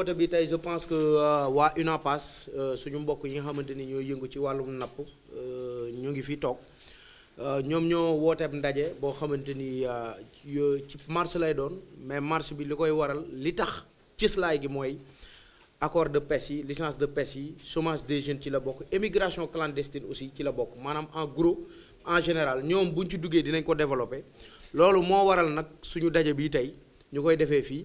woote bi tey je pense que euh, waa UNAPAS euh, suñu mbokk yi nga xamante ni ñoo yëngu ci wàllum napp euh, ñu ngi fi toog ñoom ñoo wooteeb ndaje boo xamante ni ci marche lay doon mais marche bi li koy waral li tax cislaay gi mooy accord de pes yi licence de pêche yi chômage de jeunes ci la bokk émigration clandestine aussi ci la bokk maanaam en gros en général ñoom buñ ci duggee dinañ ko développer loolu moo waral nag suñu daje bi tey ñu koy defee fii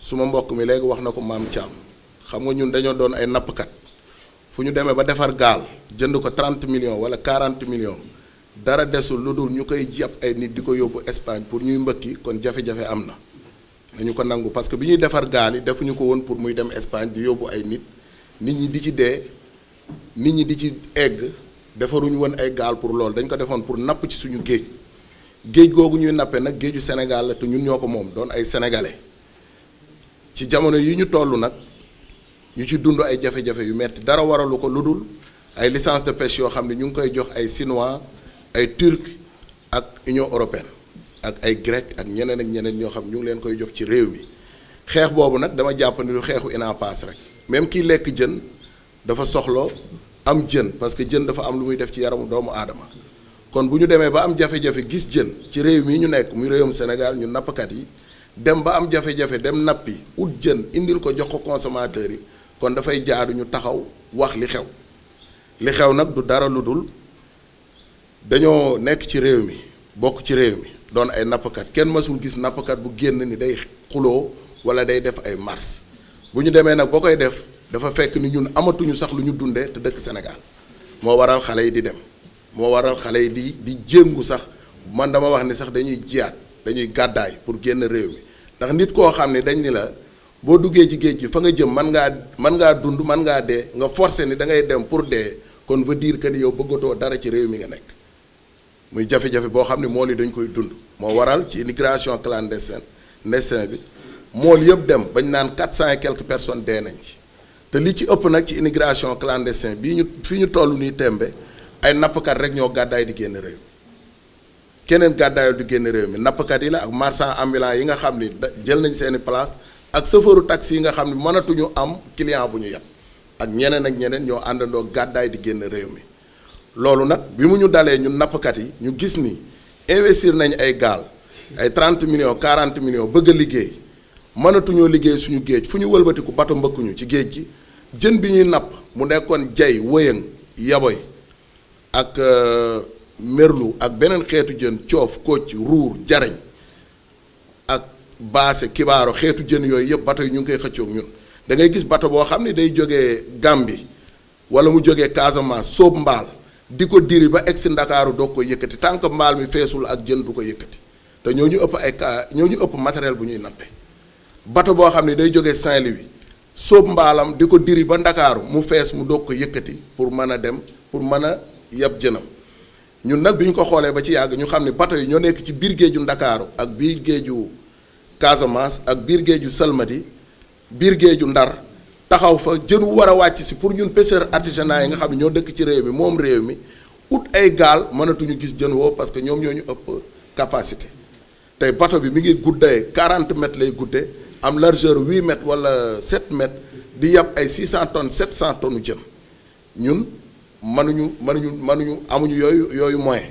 suma mbokk mi léegi wax na ko maam Thiam xam nga ñun dañoo doon ay nappkat fu ñu demee ba defar gaal jënd ko 30 millions wala 40 millions dara desul lu dul ñu koy jàpp ay nit di ko yóbbu Espagne pour ñuy mbëkki kon jafe-jafe am na nañu ko nangu parce que bi ñuy defar gaal yi defuñu ko woon pour muy dem Espagne di yóbbu ay nit nit ñi di ci dee nit ñi di ci egg defaruñu woon ay gaal pour loolu dañ ko defoon pour napp ci suñu géej géej googu ñuy nappe nag géeju Sénégal la ñun ñoo ko moom doon ay sénégalais. ci jamono yi ñu toll nag ñu ci dund ay jafe-jafe yu metti dara waralu ko lu dul ay licence de pêche yoo xam ne ñu ngi koy jox ay chinois ay turc ak union européenne ak ay grec ak ñeneen ak ñeneen ñoo xam ñu ngi leen koy jox ci réew mi xeex boobu nag dama jàpp ni lu xeexu inaa INAPAS rek même kii lekk jën dafa soxla am jën parce que jën dafa am lu muy def ci yaramu doomu aadama kon bu ñu demee ba am jafe-jafe gis jën ci réew mii ñu nekk muy réewum Sénégal ñu nappkat yi dem ba am jafe-jafe dem nappi ut jën indil ko jox ko consommateur yi kon dafay jaaru ñu taxaw wax li xew li xew nag du dara lu dul dañoo nekk ci réew mi bokk ci réew mi doon ay kenn gis bu génn ni day xuloo wala day def ay mars bu ñu demee nag boo def dafa fekk ni ñun amatuñu sax lu ñu dundee te dëkk Sénégal moo waral xale yi di dem moo waral xale yi di di jéngu sax man dama wax ni sax dañuy jiyaat dañuy gàddaay pour génn réew mi ndax nit koo xam ne dañ ni la boo duggee ci géej gi fa nga jëm man ngaa man ngaa dund man ngaa dee nga forcé ni da ngay dem pour dee kon veut dire que ni yow bëggatoo dara ci réew mi nga nekk muy jafe-jafe boo xam ne mool yi dañu koy dund moo waral ci immigration clandestine ndestin bi mool yëpp dem bañ naan quatre cent et quelques personnes dee nañ ci te li ci ëpp nag ci inigration clandestine bii ñu fi ñu toll nii tembe ay nappkat rek ñoo gàddaay di génn réew keneen gàddaayal du génn réew mi nappkat yi la ak marchand ambulant yi nga xam ni da jël nañ seeni place ak chauffeuru taxi yi nga xam ni mënatuñu am client bu ñu yeb ak ñeneen ak ñeneen ñoo àndandoo gàddaay di génn réew mi loolu nag bi mu ñu dalee ñun nappkat yi ñu gis ni investir nañ ay gaal ay 30 millions 40 millions bëgg a liggéey mënatuñoo liggéey suñu géej fu ñu wëlbatiku bato mbëkkuñu ci géej gi jën bi ñuy napp mu nekkoon jay wëyëng yaboy ak euh, merlu ak beneen xeetu jën coof kocc ruur jariñ ak baase kibaaro xeetu jën yooyu yëpp bato yi ñu ngi koy xëccoog ñun da ngay gis bato boo xam ne day jógee Gambie wala mu jóge Casamance soob mbaal di ko diri ba egg si ndakaaru doog ko yëkkati tant que mbaal mi feesul ak jën du ko yëkkati te ñoo ñu ëpp ay ka ñoo ñu ëpp matériel bu ñuy nappe bato boo xam ne day jógee Saint-Louis soob mbaalam di ko diri ba ndakaaru mu fees mu doog ko yëkkati pour mën a dem pour mën a yab jënam ñun nag bi ñu ko xoolee ba ci yàgg ñu xam ni bato yi ñoo nekk ci biir géeju Ndakaaru ak biir géeju Casamance ak biir géeju Salmadi biir géeju Ndar taxaw fa jën wu war a wàcc si pour ñun pêcheurs artisanaux yi nga xam ne ñoo dëkk ci réew mi moom réew mi ut ay gaal mënatuñu gis jën woo parce que ñoom ñoo ñu ëpp capacité tey bato bi mu ngi guddee 40 mètres lay guddee am largeur 8 mètres wala 7 mètres di yàpp ay 600 tonnes 700 tonnes jën ñun. mënuñu mënuñu mënuñu amuñu yooyu yooyu moyen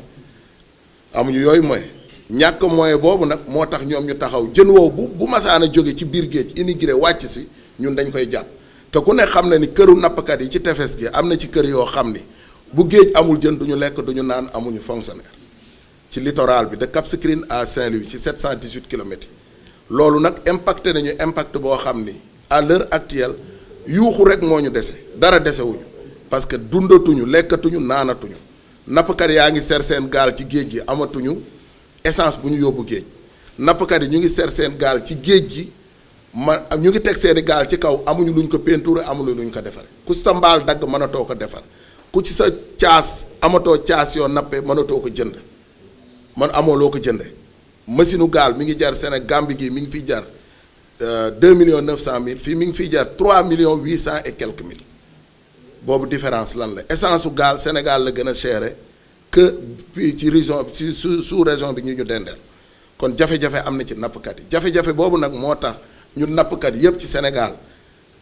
amuñu yooyu moyen ñàkk moyen boobu nag moo tax ñoom ñu taxaw jën woow bu bu masaan a jóge ci biir géej immigré wàcc si ñun dañ koy jàpp te ku ne xam na ni këru nappkat yi ci tefes gi am na ci kër yoo xam ni bu géej amul jën duñu lekk duñu naan amuñu fonctionnaire ci littoral bi de Cap Skirring à Saint-Louis ci 718 kilomètres yi loolu nag impacté nañu impact boo xam ni à l'heure actuelle yuuxu rek moo ñu dese dara desewuñu parce que dundatuñu lekkatuñu naanatuñu nappkat yaa ngi ser seen gaal ci géej gi amatuñu essence bu ñu yóbbu géej nappkat yi ñu ngi ser seen gaal ci géej gi ma ñu ngi teg seeni gaal ci kaw amuñu lu luñ ko peinture lu ñu ko defare ku sa mbaal dagg mënatoo ko defar ku ci sa caas amatoo caas yoo nappee mënatoo ko jënd man amoo loo ko jënde machine gaal mi ngi jar Sénégal Gambie gi mu ngi fiy jar euh, deux millions neuf cent mille fii mu ngi fi jar trois millions huit cent et quelques boobu différence lan la essence su gaal Sénégal la gën a chéré que ci région ci sous sous région bi ñu ñu dendeel kon jafe-jafe am na ci nappkat yi jafe-jafe boobu nag moo tax ñun nappkat yëpp ci Sénégal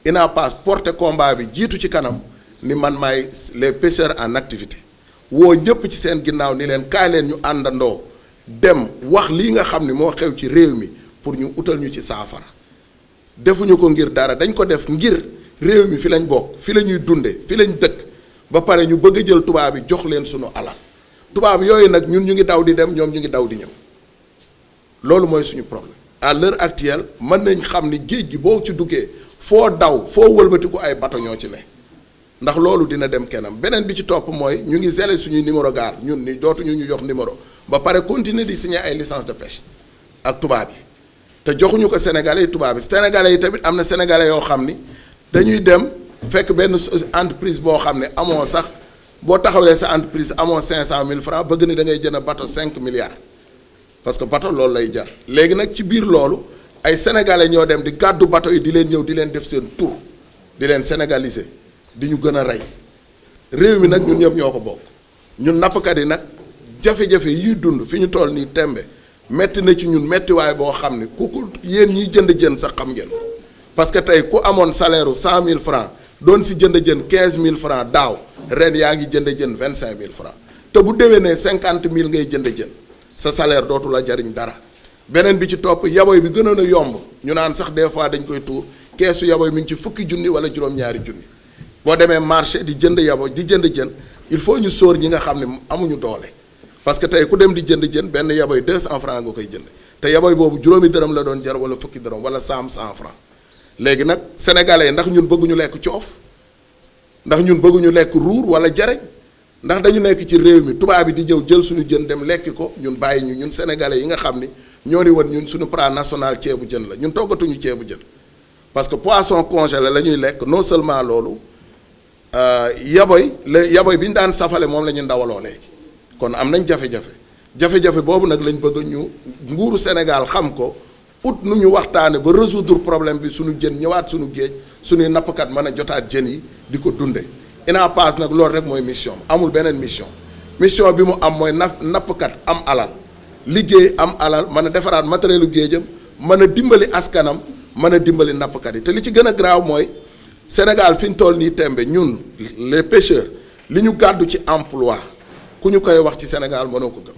INAPAS porté combat bi jiitu ci kanam ni man may les pêcheurs en activité woo ñëpp ci seen ginnaaw ni leen kaay leen ñu àndandoo dem wax lii nga xam ni moo xew ci réew mi pour ñu utal ñu ci saafara defuñu ko ngir dara dañ ko def ngir. réew mi fi lañ bokk fi la ñuy dunde fi lañ dëkk ba pare ñu bëgg a jël tubaab yi jox leen suñu alal tubaab yooyu nag ñun ñu ngi daw di dem ñoom ñu ngi daw di ñëw loolu mooy suñu problème à l'heure actuelle mën nañ xam ni géej gi boo ci duggee foo daw foo wëlbatiku ay bato ñoo ci ne ndax loolu dina dem kenam beneen bi ci topp mooy ñu ngi zélé suñuy numéro gaal ñun ni dootuñu ñu jox numéro ba pare continuer di signer ay licence de pêche ak tubaab yi te joxuñu ko sénégalais yi tubaab yi sénégalais yi tamit am na sénégalais yoo xam ni dañuy dem fekk benn entreprise boo xam ne amoo sax boo taxawlee sa entreprise amoo cinq cent mille francs bëgg ni da ngay jënd bato cinq milliards parce que bato loolu lay jar léegi nag ci biir loolu ay sénégalais ñoo dem di gàddu bato yi di leen ñëw di leen def seen tur di leen sénégaliser di ñu gën a rey réew mi nag ñun ñëpp ñoo ko bokk ñun nappkat yi nag jafe-jafe yuy dund fi ñu toll nii tembe metti na ci ñun méttiwaay boo xam ne ku ko yéen ñiy jënd jën sax xam ngeen Parce que tay ko amone salaire 100 000 francs don si jënd jënd 15 000 francs daw reen ya ngi jënd jënd 25 000 francs te bu déwéné 50 000 ngay jënd jënd sa salaire dootu la jariñ dara benen bi ci top yaboy bi gënon na yomb ñu naan sax des fois dañ koy tour caisse yaboy mi ci fukki junni wala juroom ñaari junni bo démé marché di jënd yaboy di jënd jënd il faut ñu soor ñi nga xamni amuñu doole parce que tay ku dem di jënd jënd ben yaboy 200 francs nga koy jënd te yaboy bobu juroomi dërëm la doon jar wala fukki dërëm wala 100 100 francs léegi nag yi ndax ñun bëgguñu lekk coof ndax ñun bëgguñu lekk ruur wala jareñ ndax dañu nekk ci réew mi tubaab yi di jëw jël suñu jën dem lekki ko ñun bàyyi ñu ñun sénégalais yi nga xam ni ñoo ni woon ñun suñu plat national ceebu jën la ñun toggatuñu ceebu jën parce que poisson congelé la ñuy lekk non seulement loolu euh, yaboy la yaboy bi ñu daan safale moom la ñu ndawaloo léegi kon am nañ jafe-jafe jafe-jafe boobu nag lañ bëgg ñu nguuru Sénégal xam ko ut nu ñu waxtaane ba résoudre problème bi suñu jën ñëwaat suñu géej suñuy nappkat mën a jotaat jën yi di ko dundee dunde INAPAS nag loolu rek mooy mission amul beneen mission mission bi mu am mooy na nappkat am alal liggéey am alal mën a defaraat matérielu géejam mën a dimbali askanam mën a dimbali nappkat yi te li ci gën a graaw mooy Sénégal fi ñu toll nii tembe ñun les pêcheurs li ñu gàddu ci emploi ku ñu koy wax ci Sénégal mënoo ko gëm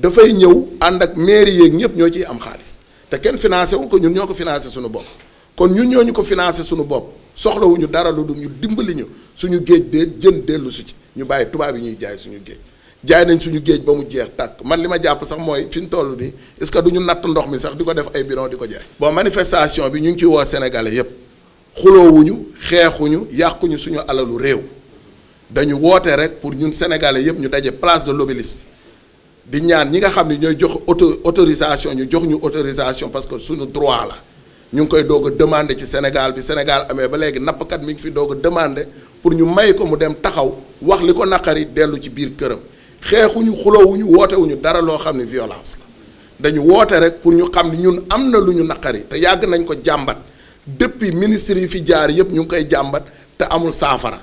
dafay ñëw ànd ak mairie yeeg ñëpp ñoo ciy am xaalis te kenn financé wu ko ñun ñoo ko financé suñu bopp kon ñun ñoo ñu ko financé suñu bopp soxlawuñu dara lu dul ñu dimbali ñu suñu géej dee jën dellu si ci ñu bàyyi tubaab yi ñuy jaay suñu géej jaay nañ suñu géej ba mu jeex tàkk man li ma jàpp sax mooy fi tollu toll nii est-ce que du ñu natt ndox mi sax di ko def ay bidon di ko jaay. boo manifestation bi ñu ngi ciy woo sénégalais yëpp xuloowuñu xeexuñu yàquñu suñu alalu réew dañu woote rek pour ñun sénégalais yëpp ñu daje place de l'Obélisque di ñaan ñi nga xam ne ñooy jox auto autorisation ñu jox ñu autorisation parce que suñu droit la ñu ngi koy doog a demander ci Sénégal bi Sénégal amee ba léegi nappkat mi ngi fi doog a demander pour ñu may ko mu dem taxaw wax li ko naqari dellu ci biir këram xeexuñu xulowuñu ñu dara loo xam ne violence dañu woote rek pour ñu xam ne ñun am na lu ñu naqari te yàgg nañ ko jàmbat depuis ministre yi fi jaar yëpp ñu ngi koy jàmbat te amul saafara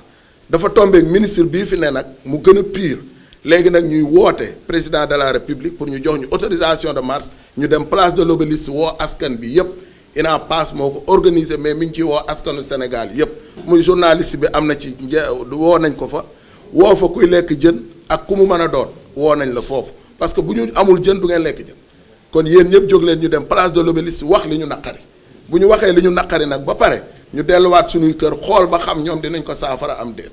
dafa tombeek ministre bii fi ne nag mu gën a pire Légui nak ñuy woté président de la république pour ñu jox ñu autorisation de marche ñu dem place de l'obélisque wo askan bi yëpp ina passe moko organiser mais miñ ci wo askanu Sénégal yëpp muy journaliste bi amna na ci wo nañ ko fa wo fa kuy lek jën ak kumu mëna doon wo nañ la fofu parce que buñu amul jën du ngeen lek jën kon yeen ñëpp jóg leen ñu dem place de l'obélisque wax li ñu nakari buñu waxé li ñu nakari nak ba paré ñu déllu wat suñu kër xol ba xam ñom dinañ ko saafara am déet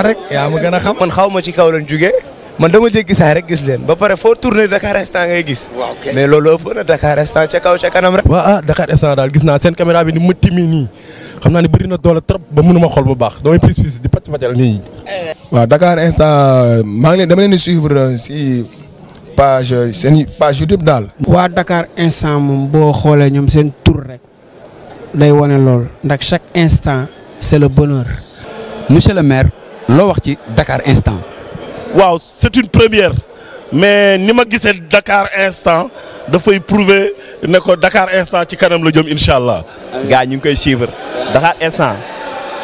rek ya ma gëna xam. man xawma ci kaw lañ jugee man dama jéggi gisaay rek gis leen ba paré fo tourner Dakar instant ngay gis. mais loolu ëpp na Dakar instant ci kaw ca kanam rek. wa ah Dakar instant dal gis na sen caméra bi ni mu mi ni xam naa ne bëri na doole trop ba mënuma xol bu baax damay pis pis di pàcc pàccal ni wa Dakar instant maa ngi dama leen suivre ci page sen page YouTube dal wa Dakar instant moom bo xolé ñoom sen tour rek day wane lool ndax chaque instant c'est le bonheur. monsieur le maire loo wax ci Dakar instant. waaw c'est une première mais ni ma Dakar instant dafay prouver ne Dakar instant ci kanam la jëm inshallah. allah. ñu koy suivre Dakar instant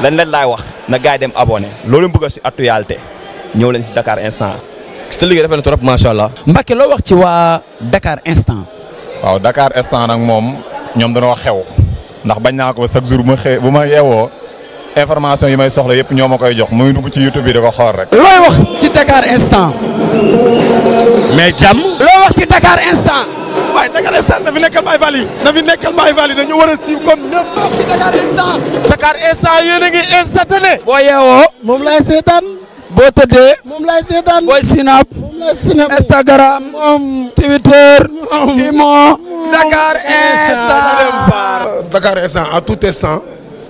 lan leen laay wax na gaay dem abonné loolu bëgg si actualité ñew leen ci Dakar instant. C'est ligue rafet na trop macha allah. Mbacke loo wax ci wa Dakar instant. waaw Dakar instant mom ñom dañu wax xew ndax bañ na ko chaque jour bu ma bu information yi may soxla yëpp ñoo ma koy jox muy dug ci YouTube bi da ko rek. looy wax ci Dakar instant. mais jàmm. looy wax ci Dakar instant. Dakar instant dafi nekkal Baye Fall boo yeewoo moom laay seetaan. boo tëddee. moom laay seetaan. booy Snap. Instagram. Twitter. Dakar instant. Dakar tout instant.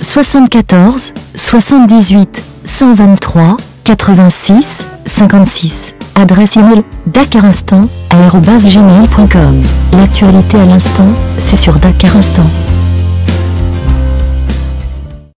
74 78 123 86 56. Adresse email dakarinstant.com. L'actualité à l'instant, c'est sur Dakar